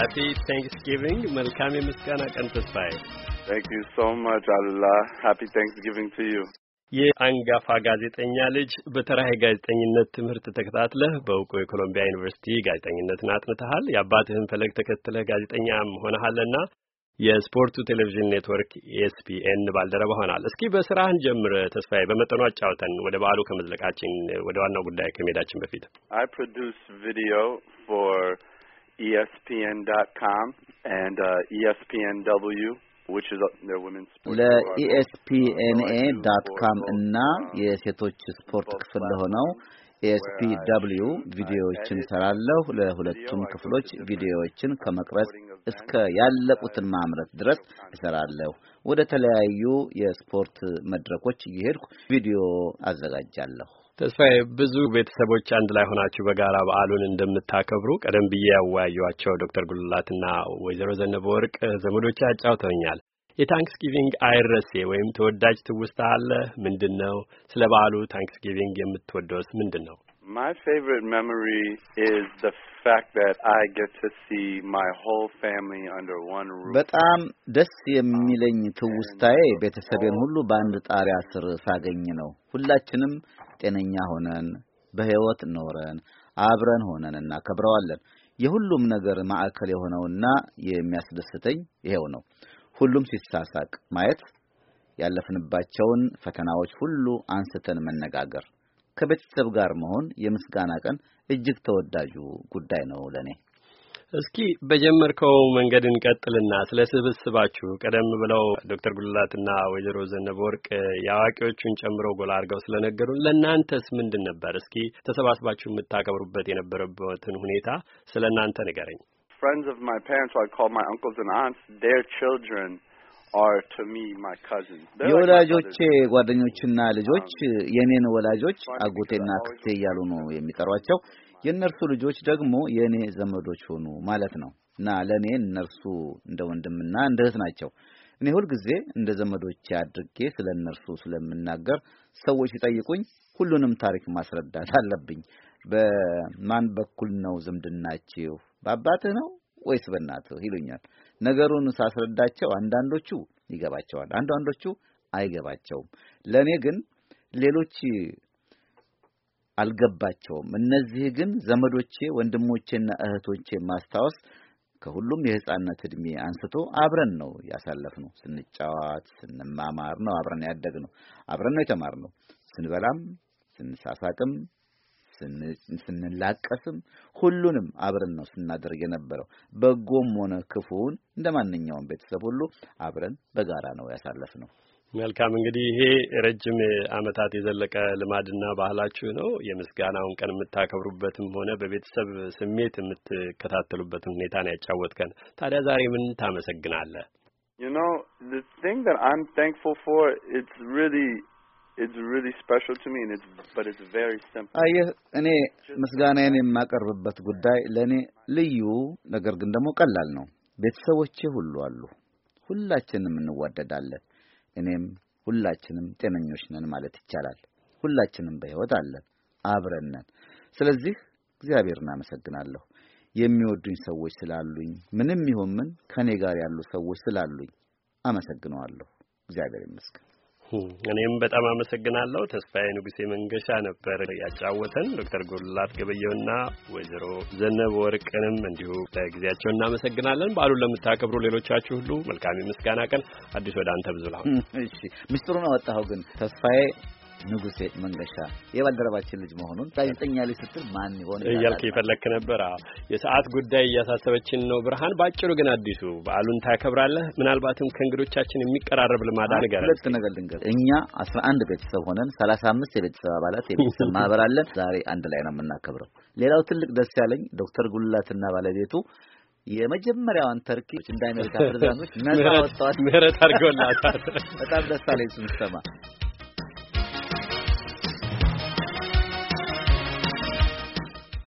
ሀፒ ታንክስጊቪንግ። መልካም የምስጋና ቀን ተስፋዬ። ታንክ ዩ ሶ ማች አላ ሀፒ ታንክስጊቪንግ ቱ ዩ። የአንጋፋ ጋዜጠኛ ልጅ በተራህ ጋዜጠኝነት ትምህርት ተከታትለህ በእውቁ የኮሎምቢያ ዩኒቨርሲቲ ጋዜጠኝነትን አጥንተሃል። የአባትህን ፈለግ ተከትለህ ጋዜጠኛም ሆነሃልና የስፖርቱ ቴሌቪዥን ኔትወርክ ኤስፒኤን ባልደረባ ሆናል። እስኪ በስራህን ጀምር ተስፋዬ፣ በመጠኑ አጫውተን ወደ በዓሉ ከመዝለቃችን ወደ ዋናው ጉዳይ ከመሄዳችን በፊት አይ ፕሮዲውስ ቪዲዮ ፎር ESPN.com and uh, ESPNW, which is their women's sports. E uh, እና uh, የሴቶች ስፖርት ክፍል ለሆነው ኤስፒደብሊዩ e ቪዲዮዎችን ሰራለሁ። ለሁለቱም ክፍሎች ቪዲዮዎችን ከመቅረጽ እስከ ያለቁትን uh, ማምረት ድረስ እሰራለሁ። ወደ ተለያዩ የስፖርት መድረኮች እየሄድኩ ቪዲዮ አዘጋጃለሁ። ተስፋዬ ብዙ ቤተሰቦች አንድ ላይ ሆናችሁ በጋራ በዓሉን እንደምታከብሩ ቀደም ብዬ ያወያዩቸው ዶክተር ጉልላትና ወይዘሮ ዘነበ ወርቅ ዘመዶች አጫውተውኛል። የታንክስጊቪንግ አይረሴ ወይም ተወዳጅ ትውስታ አለ ምንድን ነው? ስለ በዓሉ ታንክስጊቪንግ የምትወደውስ ምንድን ነው? My favorite memory is the fact that I get to see my whole family under one roof. በጣም ደስ የሚለኝ ትውስታዬ ቤተሰቤን ሁሉ በአንድ ጣሪያ ስር ሳገኝ ነው። ሁላችንም ጤነኛ ሆነን በሕይወት ኖረን አብረን ሆነን እናከብረዋለን። የሁሉም ነገር ማዕከል የሆነውና የሚያስደስተኝ ይሄው ነው። ሁሉም ሲሳሳቅ ማየት፣ ያለፍንባቸውን ፈተናዎች ሁሉ አንስተን መነጋገር ከቤተሰብ ጋር መሆን የምስጋና ቀን እጅግ ተወዳጁ ጉዳይ ነው ለእኔ። እስኪ በጀመርከው መንገድ እንቀጥልና ስለ ስብስባችሁ ቀደም ብለው ዶክተር ጉልላትና ወይዘሮ ዘነበ ወርቅ የአዋቂዎቹን ጨምሮ ጎላ አድርገው ስለነገሩን ለእናንተስ ምንድን ነበር? እስኪ ተሰባስባችሁ የምታከብሩበት የነበረበትን ሁኔታ ስለ እናንተ ንገረኝ። Friends of my parents, who I my uncles and aunts, their children የወላጆቼ ጓደኞችና um, ልጆች የኔን ወላጆች አጎቴና ክቴ እያሉ ነው የሚጠሯቸው። የእነርሱ ልጆች ደግሞ የእኔ ዘመዶች ሆኑ ማለት ነው እና ለእኔ እነርሱ እንደ ወንድምና እንደ እህት ናቸው። እኔ ሁልጊዜ እንደ ዘመዶቼ አድርጌ ስለ እነርሱ ስለምናገር ሰዎች ሲጠይቁኝ ሁሉንም ታሪክ ማስረዳት አለብኝ። በማን በኩል ነው ዝምድናችሁ? በአባትህ ነው ወይስ በእናትህ ይሉኛል። ነገሩን ሳስረዳቸው አንዳንዶቹ ይገባቸዋል፣ አንዳንዶቹ አይገባቸውም። ለእኔ ግን ሌሎች አልገባቸውም። እነዚህ ግን ዘመዶቼ፣ ወንድሞቼና እህቶቼ ማስታወስ ከሁሉም የሕፃንነት እድሜ አንስቶ አብረን ነው ያሳለፍነው። ስንጫዋት፣ ስንማማር ነው አብረን ያደግነው፣ አብረን ነው የተማርነው። ስንበላም ስንሳሳቅም ስንላቀስም ሁሉንም አብረን ነው ስናደርግ የነበረው። በጎም ሆነ ክፉውን እንደ ማንኛውም ቤተሰብ ሁሉ አብረን በጋራ ነው ያሳለፍ ነው። መልካም እንግዲህ ይሄ ረጅም ዓመታት የዘለቀ ልማድና ባህላችሁ ነው። የምስጋናውን ቀን የምታከብሩበትም ሆነ በቤተሰብ ስሜት የምትከታተሉበትን ሁኔታ ነው ያጫወትከን። ታዲያ ዛሬ ምን ታመሰግናለህ? You know, the thing that I'm thankful for, it's really አየህ እኔ ምስጋናዬን የማቀርብበት ጉዳይ ለእኔ ልዩ ነገር ግን ደግሞ ቀላል ነው። ቤተሰቦቼ ሁሉ አሉ። ሁላችንም እንዋደዳለን። እኔም ሁላችንም ጤነኞች ነን ማለት ይቻላል። ሁላችንም በሕይወት አለን፣ አብረን ነን። ስለዚህ እግዚአብሔርን አመሰግናለሁ። የሚወዱኝ ሰዎች ስላሉኝ፣ ምንም ይሁን ምን ከእኔ ጋር ያሉ ሰዎች ስላሉኝ አመሰግነዋለሁ። እግዚአብሔር ይመስገን። እኔም በጣም አመሰግናለሁ። ተስፋዬ ንጉሴ መንገሻ ነበር ያጫወተን። ዶክተር ጎላት ገበየውና ወይዘሮ ዘነበ ወርቅንም እንዲሁ ለጊዜያቸው እናመሰግናለን። በዓሉን ለምታከብሩ ሌሎቻችሁ ሁሉ መልካም የምስጋና ቀን። አዲስ ወደ አንተ ብዙ ላሁን። ምስጢሩን አወጣኸው ግን ተስፋዬ ንጉሴ መንገሻ የባልደረባችን ልጅ መሆኑን ጋዜጠኛ ላይ ስትል ማን ይሆን እያልክ የፈለክ ነበር። የሰዓት ጉዳይ እያሳሰበችን ነው ብርሃን። በአጭሩ ግን አዲሱ በዓሉን ታከብራለህ? ምናልባትም ከእንግዶቻችን የሚቀራረብ ልማዳ ነገር ሁለት ነገር ልንገር። እኛ አስራ አንድ ቤተሰብ ሆነን ሰላሳ አምስት የቤተሰብ አባላት የቤተሰብ ማህበር አለን። ዛሬ አንድ ላይ ነው የምናከብረው። ሌላው ትልቅ ደስ ያለኝ ዶክተር ጉልላትና ባለቤቱ የመጀመሪያዋን ተርኪ እንደ አሜሪካ ፕሬዝዳንቶች ነጻ ወጥተዋል። ምህረት አድርገውላታል። በጣም ደስ አለኝ ስንሰማ